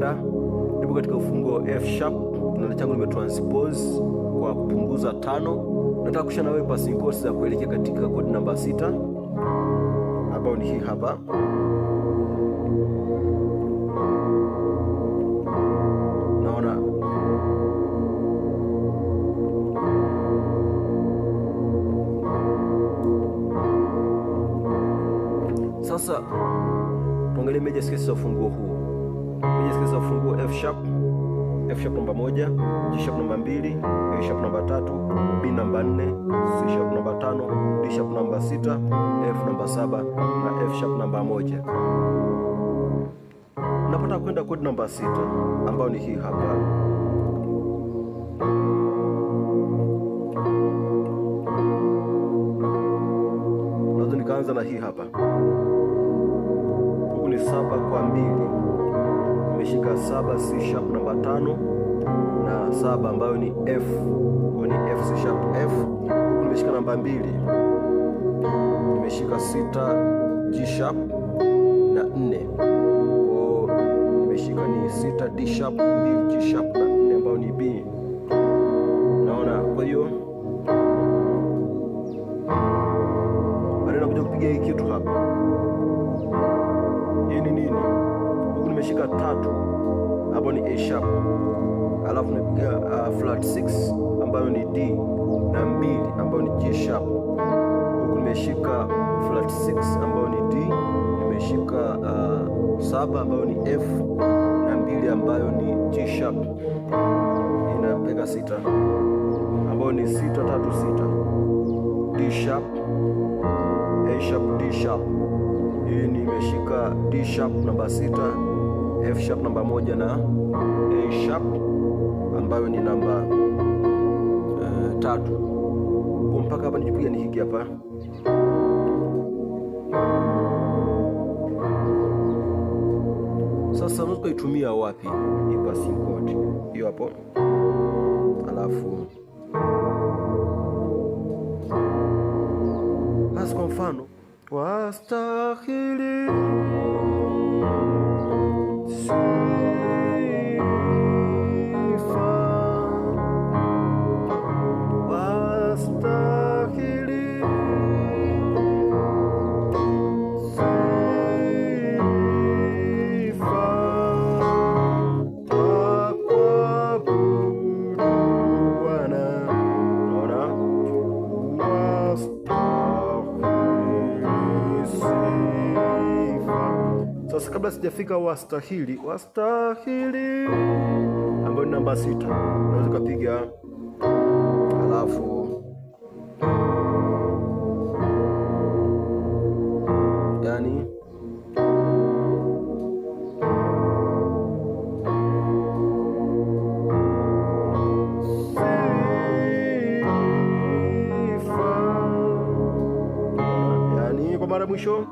kibanda, ndipo katika ufungo F sharp, na changu nimetranspose kwa kupunguza tano. Nataka kusha na wewe passing chords za kuelekea katika kodi namba sita ambayo ni hii hapa. Sasa tuangalie meja skesi za ufunguo huu menyeskeza ufunguo F sharp, F sharp namba moja, G sharp namba mbili, A sharp namba tatu, B namba nne, C sharp namba tano, D sharp namba sita, F namba saba na F sharp namba moja. Napata kwenda kodi namba sita ambayo ni hii hapa. Naweza nikaanza na hii hapa. Huku ni saba kwa mbili nimeshika saba C sharp namba tano na saba ambayo ni F, kwa ni F C sharp F. Huku nimeshika namba mbili, nimeshika sita G sharp na nne, kwa nimeshika ni sita D sharp mbili G sharp nimeshika tatu, hapo ni A sharp, alafu nimepiga uh, flat 6 ambayo ni D na mbili ambayo ni G sharp, huku nimeshika flat 6 ambayo ni D, nimeshika uh, saba ambayo ni F na mbili ambayo ni G sharp, inapiga sita ambayo ni sita tatu sita, D sharp A sharp D sharp. Hii nimeshika D sharp namba sita sharp namba moja na A eh, sharp ambayo ni namba uh, tatu. Kwa mpaka hapa nijipiga ni hiki hapa sasa unaitumia wapi Ni passing chord hiyo hapo, alafu basi, kwa mfano wastahili you. kabla sijafika wastahili, wastahili ambayo ni namba sita, unaweza ukapiga halafu yani yaani, mwisho